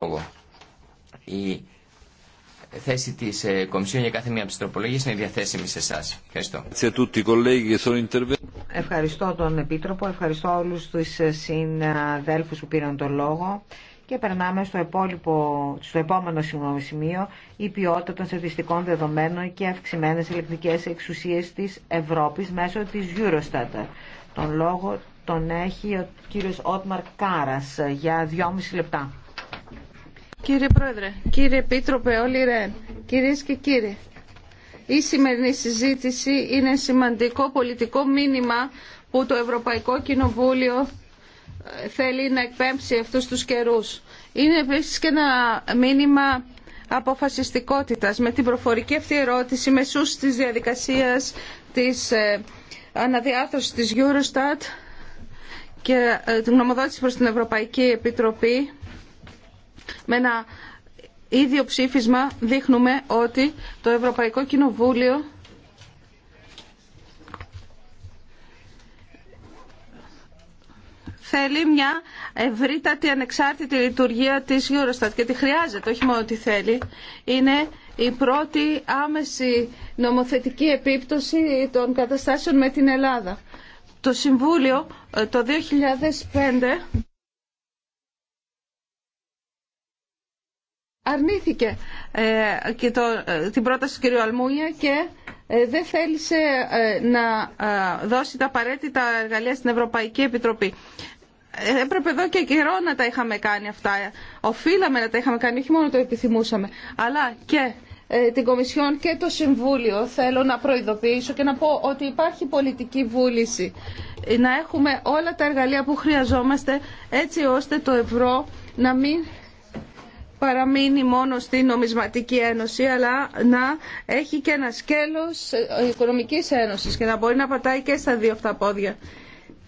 λόγο. Η θέση της ε, Κομισιόν για κάθε μία από τι τροπολογίε είναι διαθέσιμη σε εσά. Ευχαριστώ. Ευχαριστώ τον Επίτροπο, ευχαριστώ όλους τους συναδέλφους που πήραν τον λόγο και περνάμε στο, επόμενο σημείο η ποιότητα των στατιστικών δεδομένων και αυξημένε ελεκτρικές εξουσίε τη Ευρώπη μέσω τη Eurostat. Τον λόγο τον έχει ο κύριος Ότμαρ Κάρας για δυόμιση λεπτά. Κύριε Πρόεδρε, κύριε Επίτροπε, όλοι ρεν, κυρίες και κύριοι. Η σημερινή συζήτηση είναι σημαντικό πολιτικό μήνυμα που το Ευρωπαϊκό Κοινοβούλιο ε, θέλει να εκπέμψει αυτούς τους καιρούς. Είναι επίσης και ένα μήνυμα αποφασιστικότητας με την προφορική αυτή ερώτηση μεσούς της διαδικασίας της ε, αναδιάθρωσης της Eurostat και ε, την γνωμοδότηση προς την Ευρωπαϊκή Επιτροπή με ένα ίδιο ψήφισμα δείχνουμε ότι το Ευρωπαϊκό Κοινοβούλιο θέλει μια ευρύτατη ανεξάρτητη λειτουργία της Eurostat και τη χρειάζεται, όχι μόνο ότι θέλει. Είναι η πρώτη άμεση νομοθετική επίπτωση των καταστάσεων με την Ελλάδα. Το Συμβούλιο ε, το 2005 αρνήθηκε ε, και το, ε, την πρόταση του κ. Αλμούνια και ε, δεν θέλησε να δώσει τα απαραίτητα εργαλεία στην Ευρωπαϊκή Επιτροπή. Έπρεπε εδώ και καιρό να τα είχαμε κάνει αυτά. Οφείλαμε να τα είχαμε κάνει, όχι μόνο το επιθυμούσαμε. Αλλά και την Κομισιόν και το Συμβούλιο θέλω να προειδοποιήσω και να πω ότι υπάρχει πολιτική βούληση να έχουμε όλα τα εργαλεία που χρειαζόμαστε έτσι ώστε το ευρώ να μην παραμείνει μόνο στην νομισματική ένωση, αλλά να έχει και ένα σκέλος οικονομικής ένωσης και να μπορεί να πατάει και στα δύο αυτά πόδια.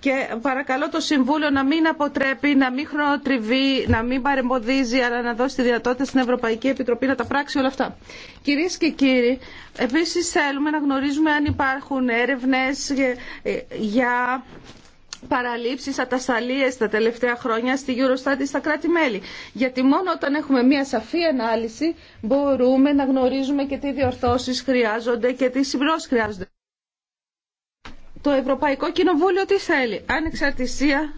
Και παρακαλώ το Συμβούλιο να μην αποτρέπει, να μην χρονοτριβεί, να μην παρεμποδίζει, αλλά να δώσει τη δυνατότητα στην Ευρωπαϊκή Επιτροπή να τα πράξει όλα αυτά. Κυρίες και κύριοι, επίσης θέλουμε να γνωρίζουμε αν υπάρχουν έρευνες για παραλήψεις, ατασταλίε τα τελευταία χρόνια στη Eurostat στα κράτη-μέλη. Γιατί μόνο όταν έχουμε μια σαφή ανάλυση μπορούμε να γνωρίζουμε και τι διορθώσεις χρειάζονται και τι συμπληρώσεις χρειάζονται. Το Ευρωπαϊκό Κοινοβούλιο τι θέλει. Ανεξαρτησία,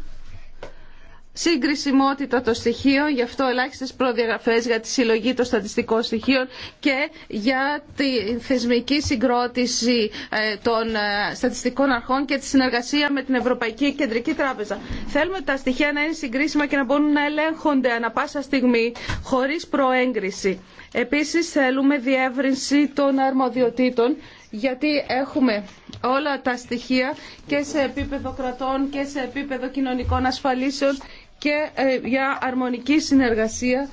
συγκρισιμότητα των στοιχείων, γι' αυτό ελάχιστες προδιαγραφές για τη συλλογή των στατιστικών στοιχείων και για τη θεσμική συγκρότηση ε, των ε, στατιστικών αρχών και τη συνεργασία με την Ευρωπαϊκή Κεντρική Τράπεζα. Θέλουμε τα στοιχεία να είναι συγκρίσιμα και να μπορούν να ελέγχονται ανα πάσα στιγμή χωρίς προέγκριση. Επίσης θέλουμε διεύρυνση των αρμοδιοτήτων γιατί έχουμε όλα τα στοιχεία και σε επίπεδο κρατών και σε επίπεδο κοινωνικών ασφαλίσεων και ε, για αρμονική συνεργασία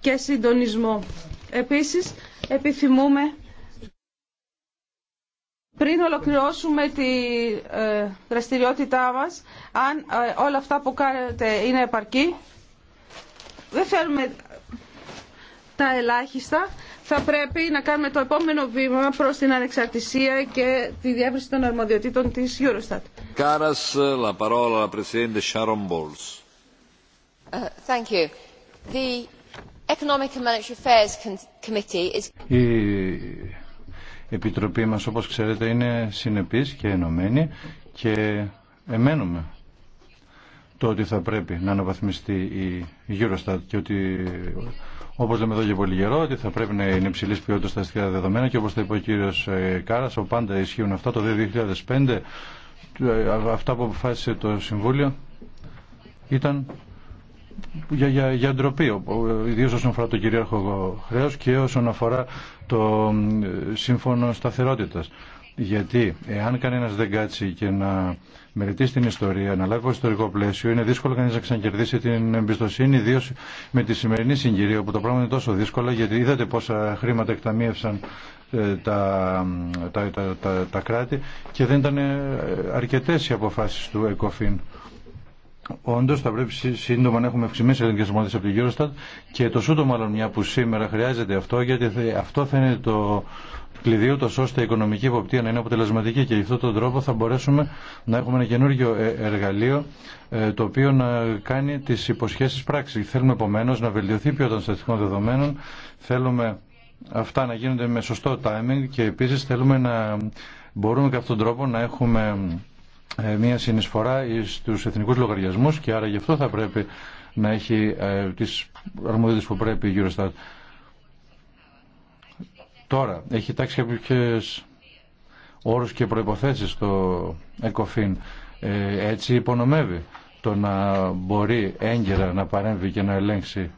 και συντονισμό. Επίσης επιθυμούμε πριν ολοκληρώσουμε τη ε, δραστηριότητά μας, αν ε, όλα αυτά που κάνετε είναι επαρκή, δεν θέλουμε τα ελάχιστα θα πρέπει να κάνουμε το επόμενο βήμα προς την ανεξαρτησία και τη διεύρυνση των αρμοδιοτήτων της Eurostat. Κάρας, la parola Presidente Sharon uh, thank you. The Economic and Monetary Affairs Committee is... Η Επιτροπή μας, όπως ξέρετε, είναι συνεπής και ενωμένη και εμένουμε το ότι θα πρέπει να αναβαθμιστεί η Eurostat και ότι Όπω λέμε εδώ για πολύ καιρό, ότι θα πρέπει να είναι υψηλή ποιότητα τα αστικά δεδομένα και όπω το είπε ο κύριο ε, Κάρα, πάντα ισχύουν αυτά. Το 2005 ε, αυτά που αποφάσισε το Συμβούλιο ήταν για, για, για ντροπή, ιδίω όσον αφορά το κυρίαρχο χρέο και όσον αφορά το ε, σύμφωνο σταθερότητα. Γιατί εάν κανένα δεν κάτσει και να μελετήσει την ιστορία, να λάβει το ιστορικό πλαίσιο, είναι δύσκολο κανεί να ξανακερδίσει την εμπιστοσύνη, ιδίω με τη σημερινή συγκυρία που το πράγμα είναι τόσο δύσκολο, γιατί είδατε πόσα χρήματα εκταμείευσαν ε, τα, τα, τα, τα, κράτη και δεν ήταν ε, αρκετές οι αποφάσεις του ΕΚΟΦΗΝ. Όντω θα πρέπει σύντομα να έχουμε αυξημένε ελληνικέ ομάδε από την Eurostat και το σούτο μάλλον μια που σήμερα χρειάζεται αυτό γιατί αυτό θα είναι το κλειδί ούτω ώστε η οικονομική υποπτία να είναι αποτελεσματική και γι' αυτόν τον τρόπο θα μπορέσουμε να έχουμε ένα καινούργιο ε, εργαλείο ε, το οποίο να κάνει τι υποσχέσει πράξη. Θέλουμε επομένω να βελτιωθεί η ποιότητα των στατιστικών δεδομένων, θέλουμε αυτά να γίνονται με σωστό timing και επίση θέλουμε να μπορούμε κατά αυτόν τον τρόπο να έχουμε ε, μια συνεισφορά στους εθνικούς λογαριασμούς και άρα γι' αυτό θα πρέπει να έχει ε, τις αρμοδιότητες που πρέπει η Eurostat. Τώρα, έχει τάξει κάποιες όρους και προϋποθέσεις στο ΕΚΟΦΗΝ. έτσι υπονομεύει το να μπορεί έγκαιρα να παρέμβει και να ελέγξει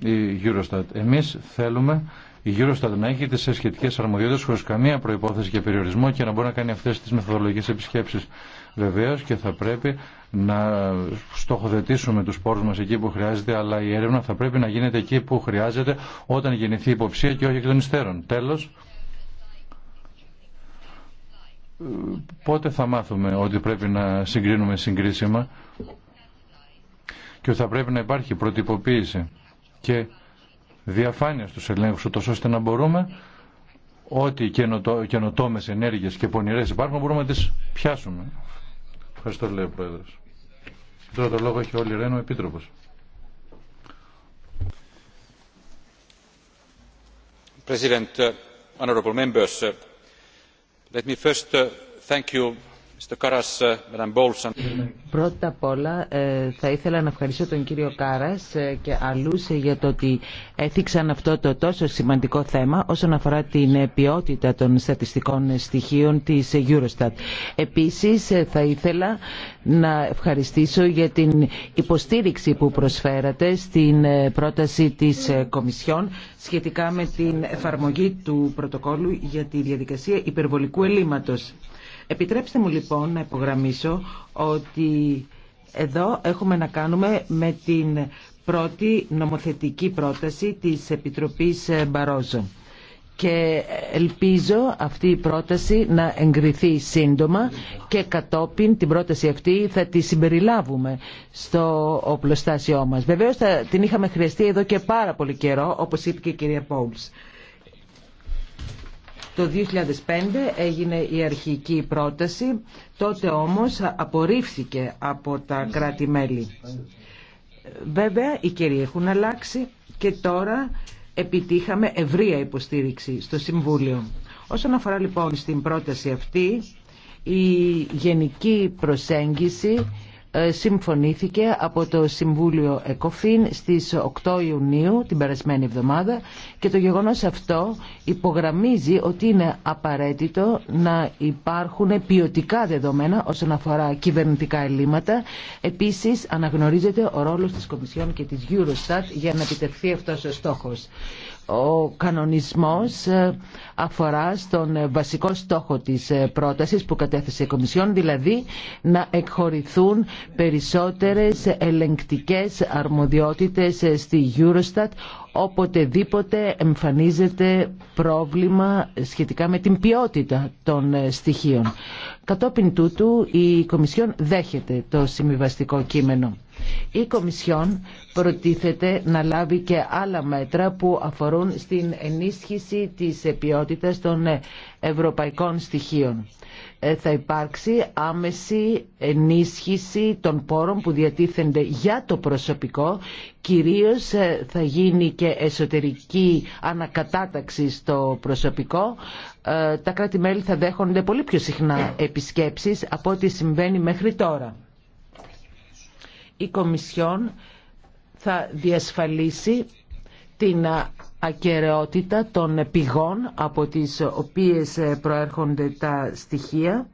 ε, η Eurostat. Εμείς θέλουμε γύρω στα να έχει τις σχετικές αρμοδιότητες χωρίς καμία προϋπόθεση και περιορισμό και να μπορεί να κάνει αυτές τις μεθοδολογικέ επισκέψεις. Βεβαίω και θα πρέπει να στοχοθετήσουμε τους πόρους μας εκεί που χρειάζεται, αλλά η έρευνα θα πρέπει να γίνεται εκεί που χρειάζεται όταν γεννηθεί υποψία και όχι εκ των υστέρων. Τέλος, πότε θα μάθουμε ότι πρέπει να συγκρίνουμε συγκρίσιμα και ότι θα πρέπει να υπάρχει προτυποποίηση και διαφάνεια στους ελέγχους, ούτως ώστε να μπορούμε ό,τι καινοτό, καινοτόμες ενέργειες και πονηρές υπάρχουν, μπορούμε να τις πιάσουμε. Ευχαριστώ, λέει ο Πρόεδρος. Τώρα το λόγο έχει όλοι Ρένο, Επίτροπος. President, uh, honorable members, uh, let me first uh, thank you Uh, Πρώτα απ' όλα ε, θα ήθελα να ευχαριστήσω τον κύριο Κάρας ε, και αλλούς ε, για το ότι έθιξαν αυτό το τόσο σημαντικό θέμα όσον αφορά την ποιότητα των στατιστικών στοιχείων της Eurostat. Επίσης θα ήθελα να ευχαριστήσω για την υποστήριξη που προσφέρατε στην πρόταση της Κομισιόν σχετικά με την εφαρμογή του πρωτοκόλου για τη διαδικασία υπερβολικού ελλείμματος. Επιτρέψτε μου λοιπόν να υπογραμμίσω ότι εδώ έχουμε να κάνουμε με την πρώτη νομοθετική πρόταση της Επιτροπής Μπαρόζο. Και ελπίζω αυτή η πρόταση να εγκριθεί σύντομα και κατόπιν την πρόταση αυτή θα τη συμπεριλάβουμε στο οπλοστάσιό μας. Βεβαίως την είχαμε χρειαστεί εδώ και πάρα πολύ καιρό, όπως είπε και η κυρία Πόουλς. Το 2005 έγινε η αρχική πρόταση, τότε όμως απορρίφθηκε από τα κράτη-μέλη. Βέβαια, οι καιροί έχουν αλλάξει και τώρα επιτύχαμε ευρεία υποστήριξη στο Συμβούλιο. Όσον αφορά λοιπόν στην πρόταση αυτή, η γενική προσέγγιση ε, συμφωνήθηκε από το Συμβούλιο ΕΚΟΦΗΝ στις 8 Ιουνίου την περασμένη εβδομάδα και το γεγονός αυτό υπογραμμίζει ότι είναι απαραίτητο να υπάρχουν ποιοτικά δεδομένα όσον αφορά κυβερνητικά ελλείμματα. Επίσης αναγνωρίζεται ο ρόλος της Κομισιόν και της Eurostat για να επιτευχθεί αυτός ο στόχος ο κανονισμός ε, αφορά στον ε, βασικό στόχο της ε, πρότασης που κατέθεσε η Κομισιόν, δηλαδή να εκχωρηθούν περισσότερες ελεγκτικές αρμοδιότητες στη Eurostat οποτεδήποτε εμφανίζεται πρόβλημα σχετικά με την ποιότητα των στοιχείων. Κατόπιν τούτου η Κομισιόν δέχεται το συμβιβαστικό κείμενο. Η Κομισιόν προτίθεται να λάβει και άλλα μέτρα που αφορούν στην ενίσχυση της ποιότητας των ευρωπαϊκών στοιχείων. Ε, θα υπάρξει άμεση ενίσχυση των πόρων που διατίθενται για το προσωπικό. Κυρίως ε, θα γίνει και εσωτερική ανακατάταξη στο προσωπικό. Ε, τα κράτη-μέλη θα δέχονται πολύ πιο συχνά επισκέψεις από ό,τι συμβαίνει μέχρι τώρα η Κομισιόν θα διασφαλίσει την ακαιρεότητα των πηγών από τις οποίες προέρχονται τα στοιχεία,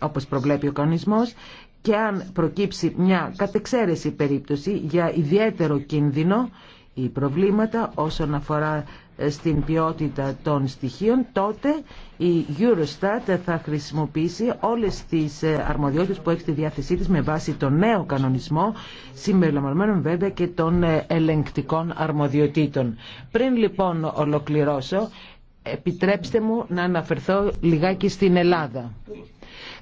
όπως προβλέπει ο κανονισμός, και αν προκύψει μια κατεξαίρεση περίπτωση για ιδιαίτερο κίνδυνο, οι προβλήματα όσον αφορά ε, στην ποιότητα των στοιχείων, τότε η Eurostat θα χρησιμοποιήσει όλες τις ε, αρμοδιότητες που έχει στη διάθεσή της με βάση τον νέο κανονισμό, συμπεριλαμβανομένων βέβαια και των ε, ελεγκτικών αρμοδιοτήτων. Πριν λοιπόν ολοκληρώσω, επιτρέψτε μου να αναφερθώ λιγάκι στην Ελλάδα.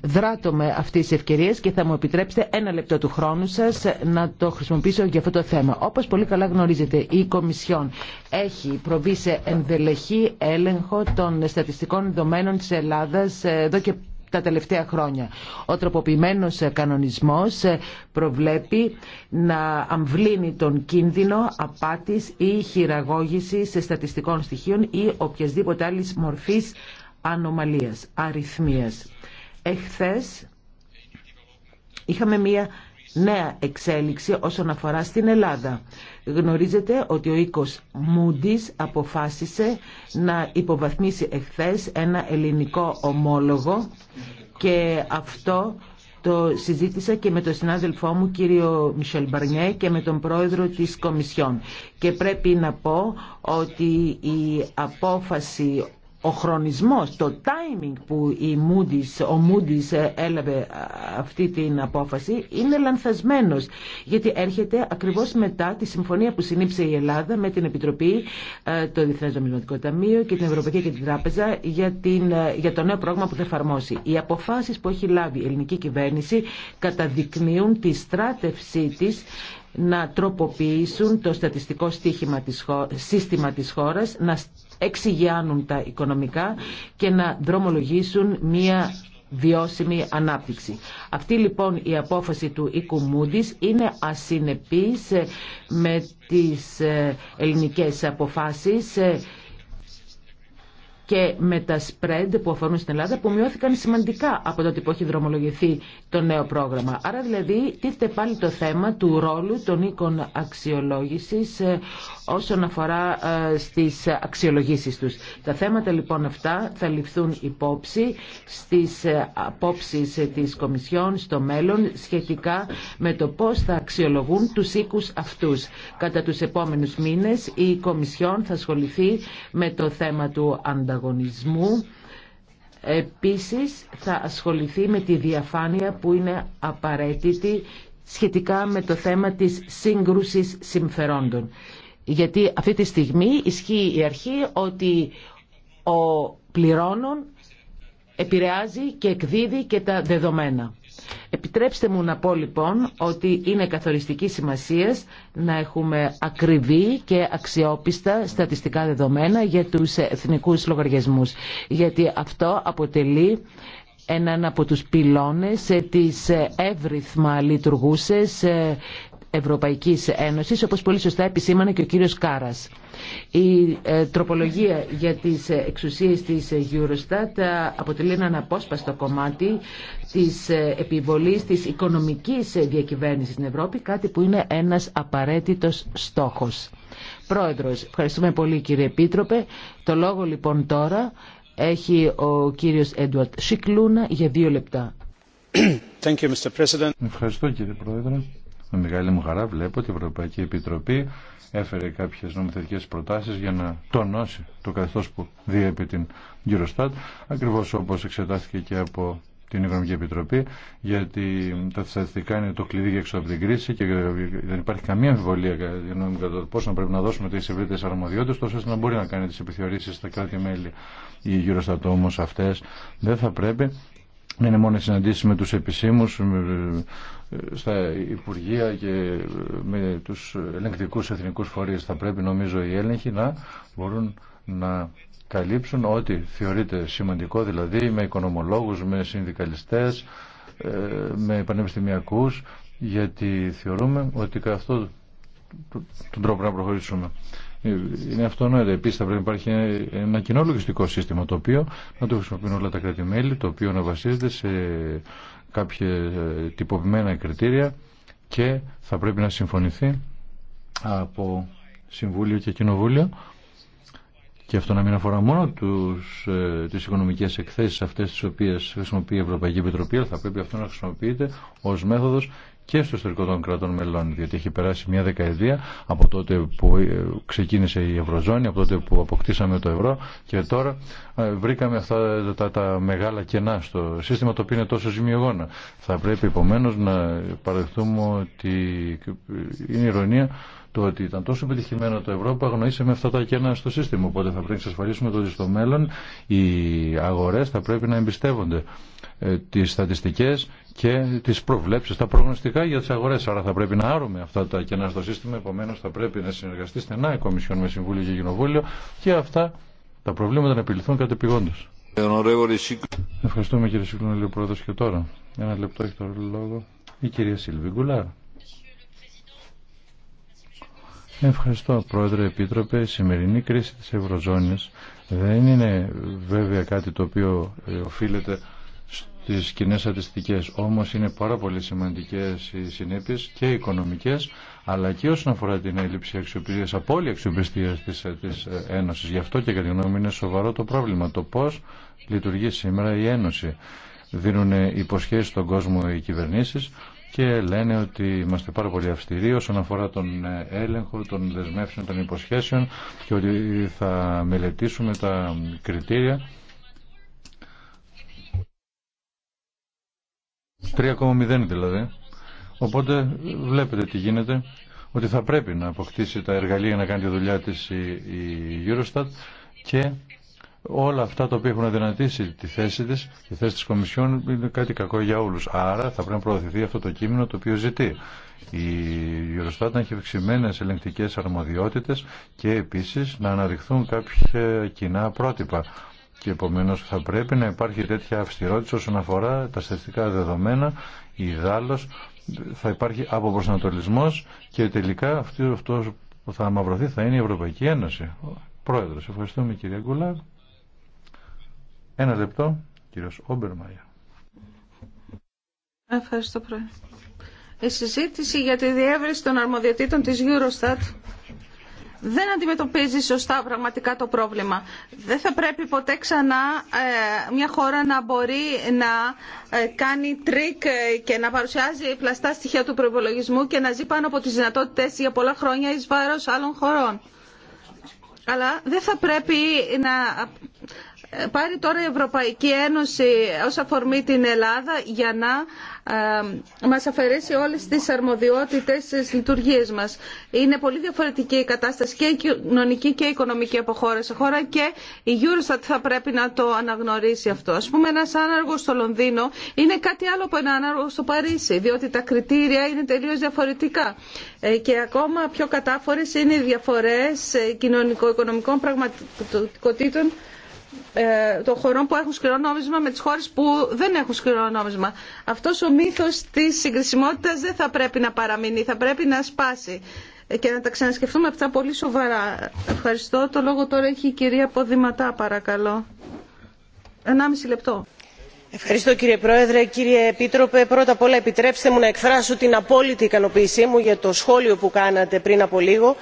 Δράτω με αυτή τη ευκαιρία και θα μου επιτρέψετε ένα λεπτό του χρόνου σα να το χρησιμοποιήσω για αυτό το θέμα. Όπω πολύ καλά γνωρίζετε, η Κομισιόν έχει προβεί σε ενδελεχή έλεγχο των στατιστικών δεδομένων τη Ελλάδα ε, εδώ και τα τελευταία χρόνια. Ο τροποποιημένος κανονισμός ε, προβλέπει να αμβλύνει τον κίνδυνο απάτης ή χειραγώγησης στατιστικών στοιχείων ή οποιασδήποτε άλλης μορφής ανομαλίας, αριθμίας. Εχθές είχαμε μία νέα εξέλιξη όσον αφορά στην Ελλάδα. Γνωρίζετε ότι ο οίκος Μούντις αποφάσισε να υποβαθμίσει εχθές ένα ελληνικό ομόλογο και αυτό το συζήτησα και με τον συνάδελφό μου κύριο Μισελ Μπαρνιέ και με τον πρόεδρο της Κομισιόν. Και πρέπει να πω ότι η απόφαση ο χρονισμός, το timing που η Moody's, ο Moody's ε, έλαβε ε, αυτή την απόφαση είναι λανθασμένος γιατί έρχεται ακριβώς μετά τη συμφωνία που συνήψε η Ελλάδα με την Επιτροπή, ε, το Διεθνές Δομιλωτικό Ταμείο και την Ευρωπαϊκή και την Τράπεζα για, την, για το νέο πρόγραμμα που θα εφαρμόσει. Οι αποφάσεις που έχει λάβει η ελληνική κυβέρνηση καταδεικνύουν τη στράτευσή της να τροποποιήσουν το στατιστικό σύστημα της χώρας, να εξηγιάνουν τα οικονομικά και να δρομολογήσουν μία βιώσιμη ανάπτυξη. Αυτή λοιπόν η απόφαση του οίκου είναι ασυνεπής ε, με τις ε, ελληνικές αποφάσεις ε, και με τα spread που αφορούν στην Ελλάδα που μειώθηκαν σημαντικά από τότε που έχει δρομολογηθεί το νέο πρόγραμμα. Άρα δηλαδή τίθεται πάλι το θέμα του ρόλου των οίκων αξιολόγησης ε, όσον αφορά ε, στις αξιολογήσεις τους. Τα θέματα λοιπόν αυτά θα ληφθούν υπόψη στις ε, απόψεις της Κομισιόν στο μέλλον σχετικά με το πώς θα αξιολογούν τους οίκους αυτούς. Κατά τους επόμενους μήνες η Κομισιόν θα ασχοληθεί με το θέμα του ανταγωνισμού ανταγωνισμού επίσης θα ασχοληθεί με τη διαφάνεια που είναι απαραίτητη σχετικά με το θέμα της σύγκρουσης συμφερόντων. Γιατί αυτή τη στιγμή ισχύει η αρχή ότι ο πληρώνων επηρεάζει και εκδίδει και τα δεδομένα. Επιτρέψτε μου να πω λοιπόν ότι είναι καθοριστική σημασία να έχουμε ακριβή και αξιόπιστα στατιστικά δεδομένα για τους εθνικούς λογαριασμούς. Γιατί αυτό αποτελεί έναν από τους πυλώνες της εύρυθμα λειτουργούσες Ευρωπαϊκής Ένωσης, όπως πολύ σωστά επισήμανε και ο κύριος Κάρας. Η ε, τροπολογία για τις εξουσίες της Eurostat ε, αποτελεί ένα αναπόσπαστο κομμάτι της ε, επιβολής της οικονομικής διακυβέρνησης στην Ευρώπη, κάτι που είναι ένας απαραίτητος στόχος. Πρόεδρος, ευχαριστούμε πολύ κύριε Επίτροπε. Το λόγο λοιπόν τώρα έχει ο κύριος Έντουαρτ Σικλούνα για δύο λεπτά. Thank you, Mr. Ευχαριστώ κύριε Πρόεδρε. Με μεγάλη μου χαρά βλέπω ότι η Ευρωπαϊκή Επιτροπή έφερε κάποιε νομοθετικέ προτάσει για να τονώσει το καθώς που διέπει την Eurostat, Ακριβώ όπω εξετάστηκε και από την Οικονομική Επιτροπή, γιατί τα στατιστικά είναι το κλειδί για έξω από την κρίση και δεν υπάρχει καμία αμφιβολία για το πώ να πρέπει να δώσουμε τι ευρύτερε αρμοδιότητε, τόσο ώστε να μπορεί να κάνει τι επιθεωρήσει στα κράτη-μέλη. Οι Eurostat όμω αυτέ δεν θα πρέπει δεν είναι μόνο οι συναντήσεις με τους επισήμους, ε, στα Υπουργεία και ε, με τους ελεγκτικούς εθνικούς φορείς. Θα πρέπει νομίζω οι έλεγχοι να μπορούν να καλύψουν ό,τι θεωρείται σημαντικό, δηλαδή με οικονομολόγους, με συνδικαλιστές, ε, με πανεπιστημιακούς, γιατί θεωρούμε ότι αυτό τον τρόπο να προχωρήσουμε είναι αυτονόητο. Επίση, θα πρέπει να υπάρχει ένα κοινό λογιστικό σύστημα το οποίο να το χρησιμοποιούν όλα τα κράτη-μέλη, το οποίο να βασίζεται σε κάποια ε, τυποποιημένα κριτήρια και θα πρέπει να συμφωνηθεί από Συμβούλιο και Κοινοβούλιο και αυτό να μην αφορά μόνο τους, ε, τις οικονομικές εκθέσεις αυτές τις οποίες χρησιμοποιεί η Ευρωπαϊκή Επιτροπή αλλά θα πρέπει αυτό να χρησιμοποιείται ως μέθοδος και στο ιστορικό των κρατών μελών, διότι έχει περάσει μια δεκαετία από τότε που ε, ξεκίνησε η Ευρωζώνη, από τότε που αποκτήσαμε το ευρώ και τώρα ε, βρήκαμε αυτά τα, μεγάλα κενά στο σύστημα το οποίο είναι τόσο ζημιογόνα. Θα πρέπει επομένω να παραδεχτούμε ότι ε, είναι ηρωνία το ότι ήταν τόσο πετυχημένο το ευρώ που αγνοήσαμε αυτά τα κενά στο σύστημα. Οπότε θα πρέπει να εξασφαλίσουμε ότι στο μέλλον οι αγορέ θα πρέπει να εμπιστεύονται τι στατιστικές και τις προβλέψεις, τα προγνωστικά για τις αγορές. Άρα θα πρέπει να άρουμε αυτά τα κενά στο σύστημα, επομένως θα πρέπει να συνεργαστεί στενά η Κομισιόν με Συμβούλιο και Κοινοβούλιο και αυτά τα προβλήματα να επιληθούν κατεπηγόντως. Ευχαριστούμε κύριε Σύγκλωνο Πρόεδρος και τώρα. Ένα λεπτό έχει το λόγο η κυρία Σίλβη Γκουλάρ. Ευχαριστώ Πρόεδρε Επίτροπε. Η σημερινή κρίση της Ευρωζώνης δεν είναι βέβαια κάτι το οποίο ε, οφείλεται τι κοινέ αριστικές. Όμως είναι πάρα πολύ σημαντικέ οι συνέπειε και οικονομικές, αλλά και όσον αφορά την έλλειψη αξιοπιστίας, απόλυτη αξιοπιστίας τη Ένωση, Ένωσης. Γι' αυτό και κατά γνώμη είναι σοβαρό το πρόβλημα, το πώς λειτουργεί σήμερα η Ένωση. Δίνουν υποσχέσει στον κόσμο οι κυβερνήσεις, και λένε ότι είμαστε πάρα πολύ αυστηροί όσον αφορά τον έλεγχο των δεσμεύσεων των υποσχέσεων και ότι θα μελετήσουμε τα κριτήρια 3,0 δηλαδή. Οπότε βλέπετε τι γίνεται, ότι θα πρέπει να αποκτήσει τα εργαλεία να κάνει τη δουλειά της η Eurostat και όλα αυτά τα οποία έχουν αδυνατήσει τη θέση της, τη θέση της Κομισιόν είναι κάτι κακό για όλους. Άρα θα πρέπει να προωθηθεί αυτό το κείμενο το οποίο ζητεί. Η Eurostat να έχει ευξημένε ελεγκτικές αρμοδιότητες και επίσης να αναδειχθούν κάποια κοινά πρότυπα και επομένως θα πρέπει να υπάρχει τέτοια αυστηρότητα όσον αφορά τα στατιστικά δεδομένα, η ιδάλλως θα υπάρχει αποπροσανατολισμός και τελικά αυτό που θα αμαυρωθεί θα είναι η Ευρωπαϊκή Ένωση. Πρόεδρος, ευχαριστούμε κύριε Γκουλάρ. Ένα λεπτό, κύριος Όμπερμαϊα. Ευχαριστώ πρόεδρε. Η συζήτηση για τη διεύρυνση των αρμοδιοτήτων της Eurostat δεν αντιμετωπίζει σωστά πραγματικά το πρόβλημα. Δεν θα πρέπει ποτέ ξανά ε, μια χώρα να μπορεί να ε, κάνει τρίκ ε, και να παρουσιάζει πλαστά στοιχεία του προπολογισμού και να ζει πάνω από τις δυνατότητες για πολλά χρόνια εις βάρος άλλων χωρών. Αλλά δεν θα πρέπει να πάρει τώρα η Ευρωπαϊκή Ένωση ως αφορμή την Ελλάδα για να ε, μας αφαιρέσει όλες τις αρμοδιότητες στις λειτουργίες μας. Είναι πολύ διαφορετική η κατάσταση και η κοινωνική και η οικονομική από χώρα σε χώρα και η Eurostat θα πρέπει να το αναγνωρίσει αυτό. Ας πούμε ένας άναργος στο Λονδίνο είναι κάτι άλλο από ένα άνεργο στο Παρίσι, διότι τα κριτήρια είναι τελείως διαφορετικά. Ε, και ακόμα πιο κατάφορες είναι οι διαφορές ε, κοινωνικο-οικονομικών πραγματικότητων ε, των χωρών που έχουν σκληρό νόμισμα με τις χώρες που δεν έχουν σκληρό νόμισμα. Αυτός ο μύθος της συγκρισιμότητας δεν θα πρέπει να παραμείνει, θα πρέπει να σπάσει και να τα ξανασκεφτούμε αυτά πολύ σοβαρά. Ευχαριστώ. Το λόγο τώρα έχει η κυρία Ποδηματά, παρακαλώ. Ενάμιση λεπτό. Ευχαριστώ κύριε Πρόεδρε. Κύριε Επίτροπε, πρώτα απ' όλα επιτρέψτε μου να εκφράσω την απόλυτη ικανοποίησή μου για το σχόλιο που κάνατε πριν από λίγο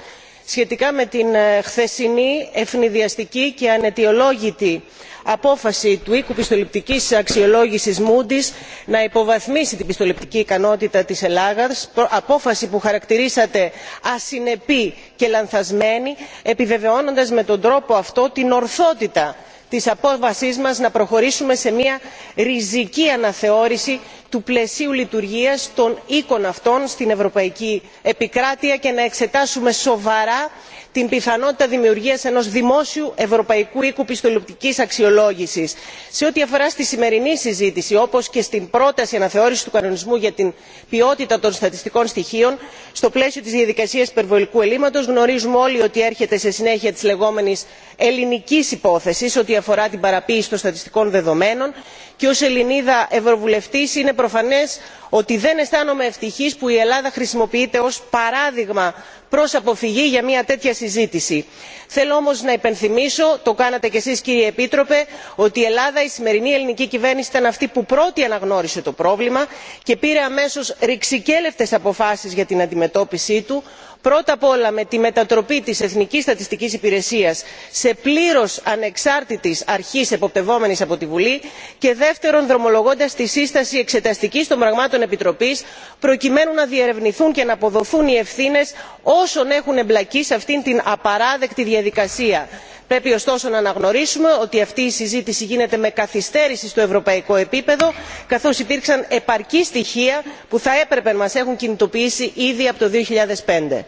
σχετικά με την ε, χθεσινή ευνηδιαστική και ανετιολόγητη απόφαση του οίκου πιστοληπτικής αξιολόγησης moody's να υποβαθμίσει την πιστοληπτική ικανότητα της Ελλάδα, απόφαση που χαρακτηρίσατε ασυνεπή και λανθασμένη επιβεβαιώνοντας με τον τρόπο αυτό την ορθότητα τη απόφασή μα να προχωρήσουμε σε μια ριζική αναθεώρηση του πλαισίου λειτουργία των οίκων αυτών στην ευρωπαϊκή επικράτεια και να εξετάσουμε σοβαρά την πιθανότητα δημιουργία ενός δημόσιου ευρωπαϊκού οίκου πιστοληπτικής αξιολόγησης. σε ό,τι αφορά στη σημερινή συζήτηση όπως και στην πρόταση αναθεώρησης του κανονισμού για την ποιότητα των στατιστικών στοιχείων στο πλαίσιο της Διαδικασία υπερβολικού ελλείμματο γνωρίζουμε όλοι ότι έρχεται σε συνέχεια της λεγόμενης ελληνικής υπόθεσης ό,τι αφορά την παραποίηση των στατιστικών δεδομένων και ω ελληνίδα Ευρωβουλευτή είναι προφανές ότι δεν αισθάνομαι ευτυχής που η ελλάδα χρησιμοποιείται ως παράδειγμα προς αποφυγή για μια τέτοια συζήτηση. θέλω όμως να υπενθυμίσω το κάνατε κι εσείς κύριε επίτροπε ότι η ελλάδα η σημερινή ελληνική κυβέρνηση ήταν αυτή που πρώτη αναγνώρισε το πρόβλημα και πήρε αμέσω ρηξικέλευτε αποφάσει για την αντιμετώπιση του πρώτα απ' όλα με τη μετατροπή της εθνικής στατιστικής υπηρεσίας σε πλήρως ανεξάρτητη αρχή εποπτευόμενη από τη βουλή και δεύτερον δρομολογώντας τη σύσταση εξεταστικής των πραγμάτων επιτροπής προκειμένου να διερευνηθούν και να αποδοθούν οι ευθύνες όσων έχουν εμπλακεί σε αυτήν την απαράδεκτη διαδικασία πρέπει ωστόσο να αναγνωρίσουμε ότι αυτή η συζήτηση γίνεται με καθυστέρηση στο ευρωπαϊκό επίπεδο καθώς υπήρξαν επαρκή στοιχεία που θα έπρεπε να μας έχουν κινητοποιήσει ήδη από το. 2005.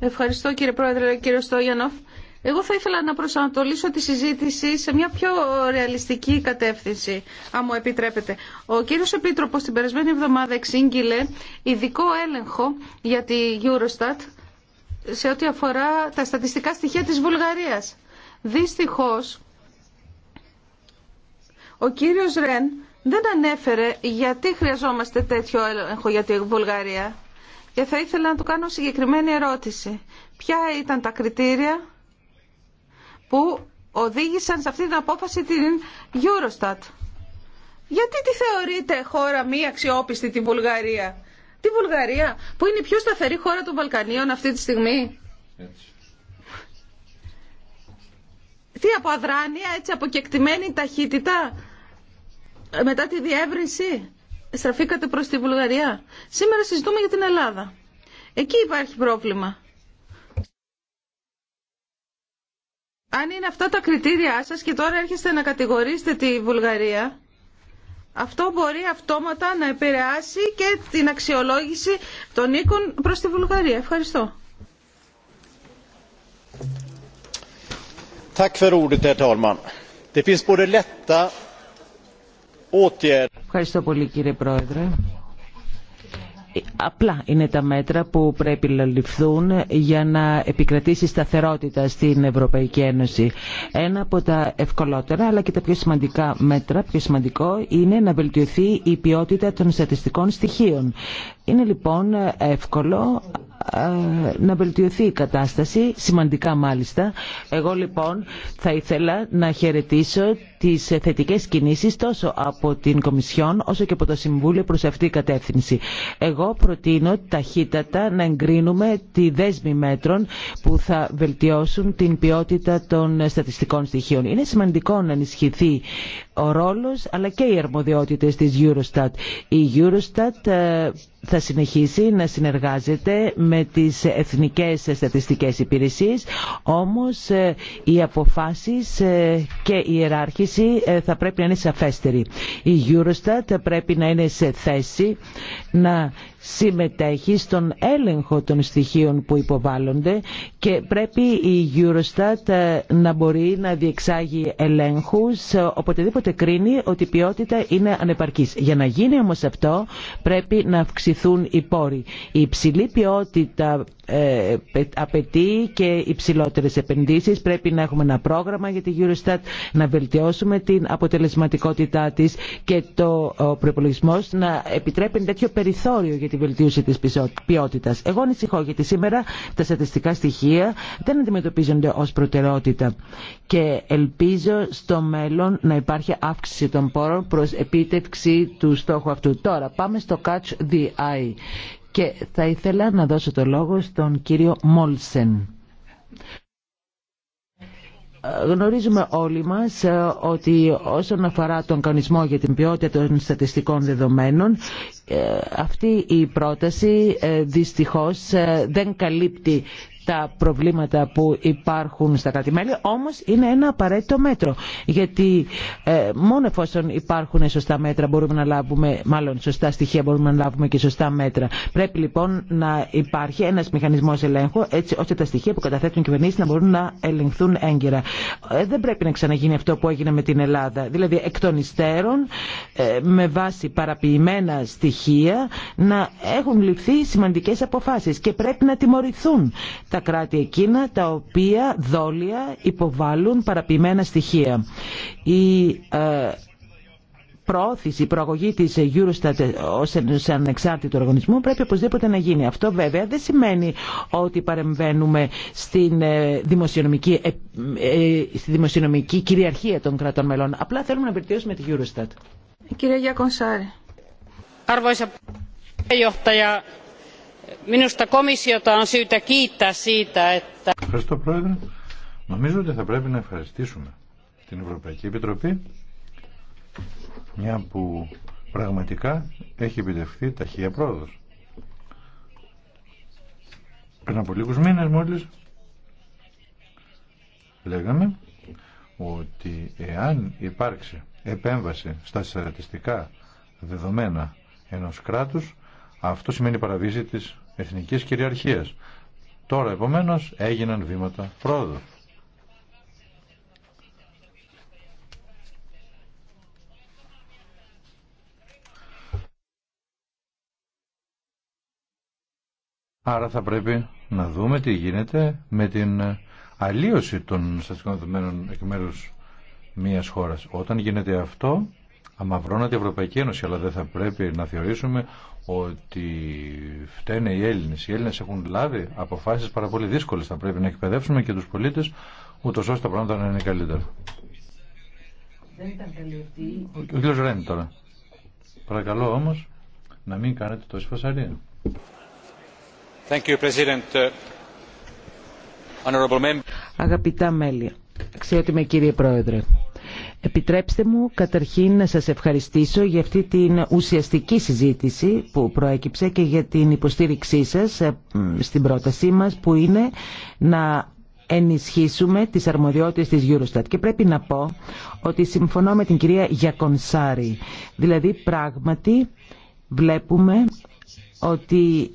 Ευχαριστώ κύριε Πρόεδρε, κύριε Στόγιανοφ. Εγώ θα ήθελα να προσανατολίσω τη συζήτηση σε μια πιο ρεαλιστική κατεύθυνση, αν μου επιτρέπετε. Ο κύριος Επίτροπος την περασμένη εβδομάδα εξήγηλε ειδικό έλεγχο για τη Eurostat σε ό,τι αφορά τα στατιστικά στοιχεία της Βουλγαρίας. Δυστυχώς, ο κύριος Ρεν δεν ανέφερε γιατί χρειαζόμαστε τέτοιο έλεγχο για τη Βουλγαρία. Και θα ήθελα να του κάνω συγκεκριμένη ερώτηση. Ποια ήταν τα κριτήρια που οδήγησαν σε αυτή την απόφαση την Eurostat. Γιατί τη θεωρείτε χώρα μη αξιόπιστη τη Βουλγαρία. Τη Βουλγαρία που είναι η πιο σταθερή χώρα των Βαλκανίων αυτή τη στιγμή. Έτσι. Τι από αδράνεια, έτσι από κεκτημένη ταχύτητα. Ε, μετά τη διεύρυνση στραφήκατε προς τη Βουλγαρία. Σήμερα συζητούμε για την Ελλάδα. Εκεί υπάρχει πρόβλημα. αν είναι αυτά τα κριτήριά σας και τώρα έρχεστε να κατηγορήσετε τη Βουλγαρία, αυτό μπορεί αυτόματα να επηρεάσει και την αξιολόγηση των οίκων προς τη Βουλγαρία. Ευχαριστώ. Ευχαριστώ πολύ κύριε Πρόεδρε. Απλά είναι τα μέτρα που πρέπει να ληφθούν για να επικρατήσει σταθερότητα στην Ευρωπαϊκή Ένωση. Ένα από τα ευκολότερα αλλά και τα πιο σημαντικά μέτρα, πιο σημαντικό, είναι να βελτιωθεί η ποιότητα των στατιστικών στοιχείων. Είναι λοιπόν εύκολο να βελτιωθεί η κατάσταση, σημαντικά μάλιστα. Εγώ λοιπόν θα ήθελα να χαιρετήσω τις θετικές κινήσεις τόσο από την Κομισιόν όσο και από το Συμβούλιο προς αυτή η κατεύθυνση. Εγώ προτείνω ταχύτατα να εγκρίνουμε τη δέσμη μέτρων που θα βελτιώσουν την ποιότητα των στατιστικών στοιχείων. Είναι σημαντικό να ενισχυθεί ο ρόλος αλλά και οι αρμοδιότητες της Eurostat. Η Eurostat ε, θα συνεχίσει να συνεργάζεται με τις εθνικές στατιστικές υπηρεσίες, όμως ε, οι αποφάσεις ε, και η ιεράρχηση ε, θα πρέπει να είναι σαφέστερη. Η Eurostat πρέπει να είναι σε θέση να συμμετέχει στον έλεγχο των στοιχείων που υποβάλλονται και πρέπει η Eurostat ε, να μπορεί να διεξάγει ελέγχους ε, οποτεδήποτε κρίνει ότι η ποιότητα είναι ανεπαρκής. Για να γίνει όμως αυτό πρέπει να αυξηθούν οι πόροι. Η υψηλή ποιότητα ε, ε, απαιτεί και υψηλότερες επενδύσεις. Πρέπει να έχουμε ένα πρόγραμμα για τη Eurostat, να βελτιώσουμε την αποτελεσματικότητά της και το προπολογισμό να επιτρέπει τέτοιο περιθώριο για τη βελτίωση της ποιότητας. Εγώ ανησυχώ γιατί σήμερα τα στατιστικά στοιχεία δεν αντιμετωπίζονται ως προτεραιότητα και ελπίζω στο μέλλον να υπάρχει αύξηση των πόρων προς επίτευξη του στόχου αυτού. Τώρα πάμε στο Catch the Eye και θα ήθελα να δώσω το λόγο στον κύριο Μόλσεν. Γνωρίζουμε όλοι μας ε, ότι όσον αφορά τον κανονισμό για την ποιότητα των στατιστικών δεδομένων ε, αυτή η πρόταση ε, δυστυχώς δεν καλύπτει τα προβλήματα που υπάρχουν στα κράτη-μέλη, όμως είναι ένα απαραίτητο μέτρο. Γιατί ε, μόνο εφόσον υπάρχουν σωστά μέτρα μπορούμε να λάβουμε, μάλλον σωστά στοιχεία μπορούμε να λάβουμε και σωστά μέτρα. Πρέπει λοιπόν να υπάρχει ένας μηχανισμός ελέγχου έτσι ώστε τα στοιχεία που καταθέτουν οι κυβερνήσεις να μπορούν να ελεγχθούν έγκυρα. Ε, δεν πρέπει να ξαναγίνει αυτό που έγινε με την Ελλάδα. Δηλαδή εκ των υστέρων ε, με βάση παραποιημένα στοιχεία να έχουν ληφθεί σημαντικές αποφάσεις και πρέπει να τιμωρηθούν τα κράτη εκείνα τα οποία δόλια υποβάλλουν παραποιημένα στοιχεία. Η ε, προώθηση, η προαγωγή της Eurostat ως ανεξάρτητο οργανισμό πρέπει οπωσδήποτε να γίνει. Αυτό βέβαια δεν σημαίνει ότι παρεμβαίνουμε στην ε, δημοσιονομική, ε, ε, στη δημοσιονομική κυριαρχία των κρατών μελών. Απλά θέλουμε να βελτιώσουμε τη Eurostat. Κυρία Γιακονσάρη. Arvoisa Minusta komissiota on syytä kiittää siitä, että... Ευχαριστώ Πρόεδρε. Νομίζω ότι θα πρέπει να ευχαριστήσουμε την Ευρωπαϊκή Επιτροπή μια που πραγματικά έχει επιτευχθεί ταχεία πρόοδος. Πριν από λίγους μήνες μόλις λέγαμε ότι εάν υπάρξει επέμβαση στα στατιστικά δεδομένα ενός κράτους αυτό σημαίνει παραβίαση της εθνικής κυριαρχίας. Τώρα επομένως έγιναν βήματα πρόοδου. Άρα θα πρέπει να δούμε τι γίνεται με την αλλίωση των στατικών δεδομένων εκ μέρου μιας χώρας. Όταν γίνεται αυτό, αμαυρώνεται η Ευρωπαϊκή Ένωση, αλλά δεν θα πρέπει να θεωρήσουμε ότι φταίνε οι Έλληνες. Οι Έλληνες έχουν λάβει αποφάσεις πάρα πολύ δύσκολες. Θα πρέπει να εκπαιδεύσουμε και τους πολίτες ούτως ώστε τα πράγματα να είναι καλύτερα. Δεν ήταν Ο κύριος Ρέν τώρα. Παρακαλώ όμως να μην κάνετε τόση φασαρία. Uh, Αγαπητά μέλη, αξιότιμε κύριε Πρόεδρε, Επιτρέψτε μου καταρχήν να σας ευχαριστήσω για αυτή την ουσιαστική συζήτηση που προέκυψε και για την υποστήριξή σας ε, στην πρότασή μας που είναι να ενισχύσουμε τις αρμοδιότητες της Eurostat. Και πρέπει να πω ότι συμφωνώ με την κυρία Γιακονσάρη. Δηλαδή πράγματι βλέπουμε ότι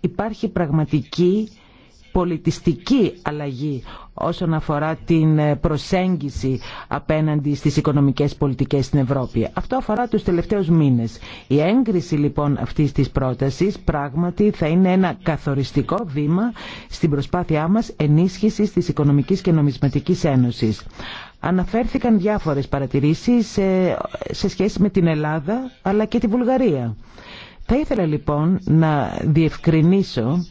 υπάρχει πραγματική πολιτιστική αλλαγή όσον αφορά την ε, προσέγγιση απέναντι στις οικονομικές πολιτικές στην Ευρώπη. Αυτό αφορά τους τελευταίους μήνες. Η έγκριση λοιπόν αυτής της πρότασης πράγματι θα είναι ένα καθοριστικό βήμα στην προσπάθειά μας ενίσχυσης της Οικονομικής και Νομισματικής Ένωσης. Αναφέρθηκαν διάφορες παρατηρήσεις σε, σε σχέση με την Ελλάδα αλλά και τη Βουλγαρία. Θα ήθελα λοιπόν να διευκρινίσω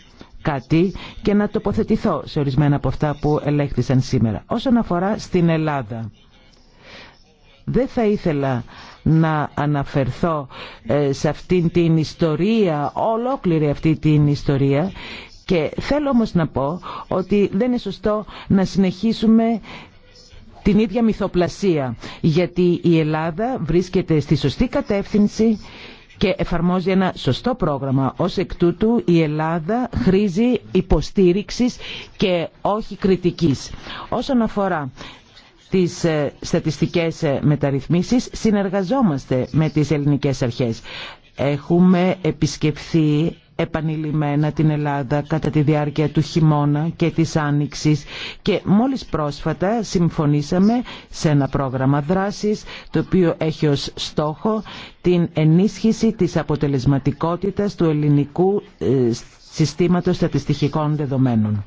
κάτι και να τοποθετηθώ σε ορισμένα από αυτά που ελέγχθησαν σήμερα. Όσον αφορά στην Ελλάδα, δεν θα ήθελα να αναφερθώ ε, σε αυτήν την ιστορία, ολόκληρη αυτή την ιστορία και θέλω όμως να πω ότι δεν είναι σωστό να συνεχίσουμε την ίδια μυθοπλασία γιατί η Ελλάδα βρίσκεται στη σωστή κατεύθυνση και εφαρμόζει ένα σωστό πρόγραμμα. Ως εκ τούτου η Ελλάδα χρήζει υποστήριξης και όχι κριτικής. Όσον αφορά τις ε, στατιστικές ε, μεταρρυθμίσεις συνεργαζόμαστε με τις ελληνικές αρχές. Έχουμε επισκεφθεί επανειλημμένα την Ελλάδα κατά τη διάρκεια του χειμώνα και της άνοιξης και μόλις πρόσφατα συμφωνήσαμε σε ένα πρόγραμμα δράσης το οποίο έχει ως στόχο την ενίσχυση της αποτελεσματικότητας του ελληνικού ε, συστήματος στατιστικών δεδομένων.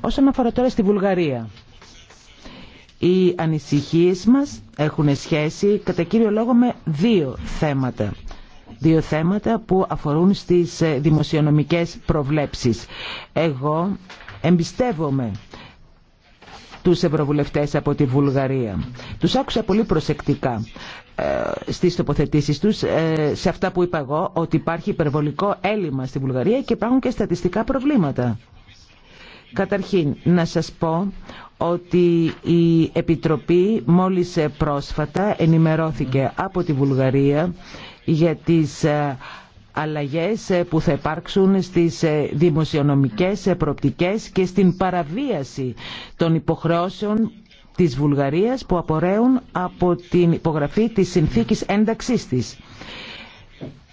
Όσον αφορά τώρα στη Βουλγαρία, οι ανησυχίες μας έχουν σχέση κατά κύριο λόγο με δύο θέματα δύο θέματα που αφορούν στις ε, δημοσιονομικές προβλέψεις. Εγώ εμπιστεύομαι τους ευρωβουλευτές από τη Βουλγαρία. Τους άκουσα πολύ προσεκτικά ε, στις τοποθετήσεις τους ε, σε αυτά που είπα εγώ ότι υπάρχει υπερβολικό έλλειμμα στη Βουλγαρία και υπάρχουν και στατιστικά προβλήματα. Καταρχήν, να σας πω ότι η Επιτροπή μόλις πρόσφατα ενημερώθηκε από τη Βουλγαρία για τις ε, αλλαγές ε, που θα υπάρξουν στις ε, δημοσιονομικές προοπτικές και στην παραβίαση των υποχρεώσεων της Βουλγαρίας που απορρέουν από την υπογραφή της συνθήκης ένταξής της.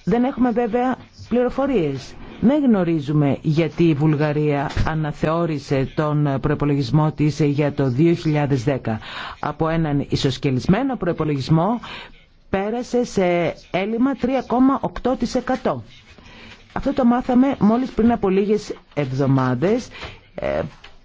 Δεν έχουμε βέβαια πληροφορίες. Δεν γνωρίζουμε γιατί η Βουλγαρία αναθεώρησε τον προπολογισμό της για το 2010 από έναν ισοσκελισμένο προπολογισμό πέρασε σε έλλειμμα 3,8%. Αυτό το μάθαμε μόλις πριν από λίγες εβδομάδες ε,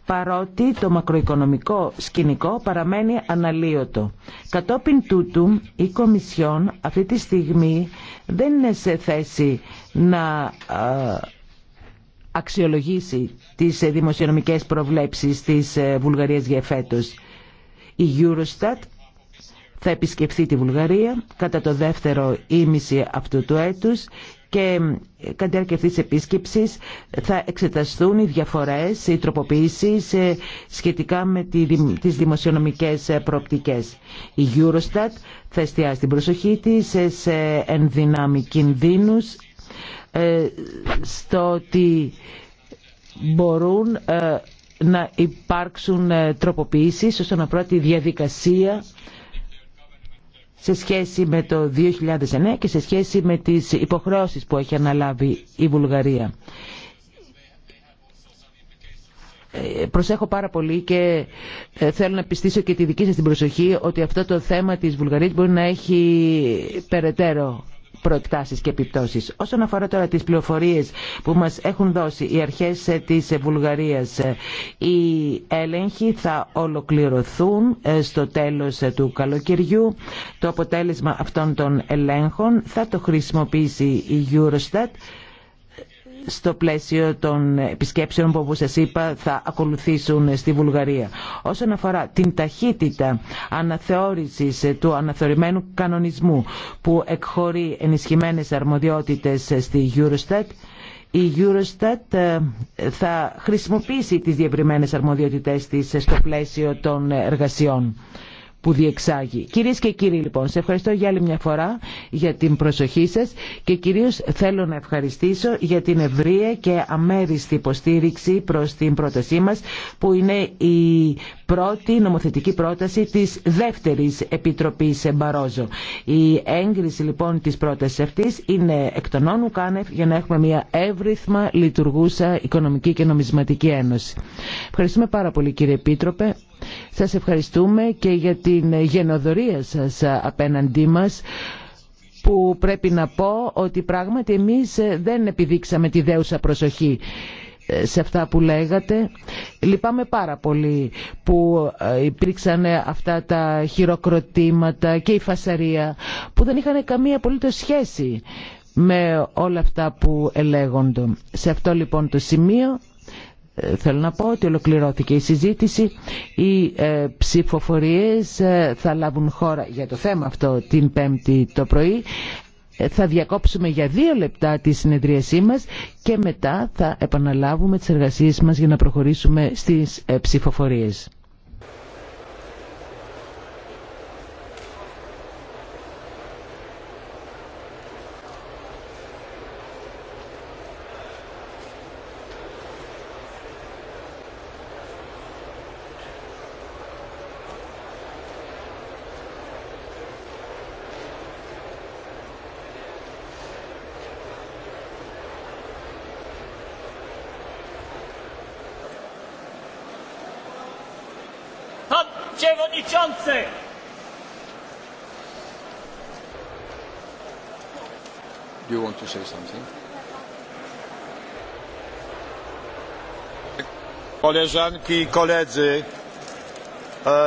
παρότι το μακροοικονομικό σκηνικό παραμένει αναλύωτο. Κατόπιν τούτου, η Κομισιόν αυτή τη στιγμή δεν είναι σε θέση να αξιολογήσει τις δημοσιονομικές προβλέψεις της ε, Βουλγαρίας για φέτος. Η Eurostat θα επισκεφθεί τη Βουλγαρία κατά το δεύτερο ήμιση αυτού του έτους και κατά διάρκεια αυτής θα εξεταστούν οι διαφορές, οι τροποποιήσεις ε, σχετικά με τις δημοσιονομικές ε, προοπτικές. Η Eurostat θα εστιάσει την προσοχή της ε, σε ενδυνάμει κινδύνους, στο ότι μπορούν να υπάρξουν τροποποιήσεις όσον αφορά τη διαδικασία σε σχέση με το 2009 και σε σχέση με τις υποχρεώσεις που έχει αναλάβει η Βουλγαρία. Ε, προσέχω πάρα πολύ και ε, θέλω να πιστήσω και τη δική σας την προσοχή ότι αυτό το θέμα της Βουλγαρίας μπορεί να έχει περαιτέρω Προεκτάσει και επιπτώσει. Όσον αφορά τώρα τι πληροφορίε που μας έχουν δώσει οι αρχέ ε, τη ε, Βουλγαρία, ε, οι έλεγχοι θα ολοκληρωθούν στο τέλο του καλοκαιριού. Το αποτέλεσμα αυτών των ελέγχων θα το χρησιμοποιήσει η Eurostat στο πλαίσιο των επισκέψεων που όπως σας είπα θα ακολουθήσουν στη Βουλγαρία. Όσον αφορά την ταχύτητα αναθεώρησης του αναθεωρημένου κανονισμού που εκχωρεί ενισχυμένες αρμοδιότητες στη Eurostat, η Eurostat ε, θα χρησιμοποιήσει τις διευρυμένες αρμοδιότητές της στο πλαίσιο των εργασιών που διεξάγει. Κυρίες και κύριοι λοιπόν, σε ευχαριστώ για άλλη μια φορά για την προσοχή σας και κυρίω θέλω να ευχαριστήσω για την ευρεία και αμέριστη υποστήριξη προς την πρότασή μας που είναι η πρώτη νομοθετική πρόταση της δεύτερης Επιτροπής Μπαρόζο. Η έγκριση λοιπόν της πρότασης αυτής είναι εκ των όνου κάνευ για να έχουμε μια εύρυθμα λειτουργούσα οικονομική και νομισματική ένωση. Ευχαριστούμε πάρα πολύ κύριε Επίτροπε. Σας ευχαριστούμε και για την γενοδορία σας απέναντί μας που πρέπει να πω ότι πράγματι εμείς δεν επιδείξαμε τη δέουσα προσοχή ε, σε αυτά που λέγατε. Λυπάμαι πάρα πολύ που ε, υπήρξαν αυτά τα χειροκροτήματα και η φασαρία που δεν είχαν καμία απολύτως σχέση με όλα αυτά που ελέγονται. Σε αυτό λοιπόν το σημείο Θέλω να πω ότι ολοκληρώθηκε η συζήτηση. Οι ε, ψηφοφορίες ε, θα λάβουν χώρα για το θέμα αυτό την Πέμπτη το πρωί. Ε, θα διακόψουμε για δύο λεπτά τη συνεδρίασή μας και μετά θα επαναλάβουμε τις εργασίες μας για να προχωρήσουμε στις ψηφοφορίες. say something?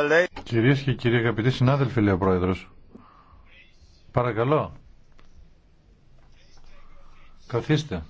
E, Κυρίες και κύριοι αγαπητοί συνάδελφοι, λέει ο Πρόεδρος. Παρακαλώ. Καθίστε.